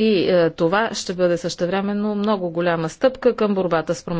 И е, това ще бъде същевременно много голяма стъпка към борбата с промените.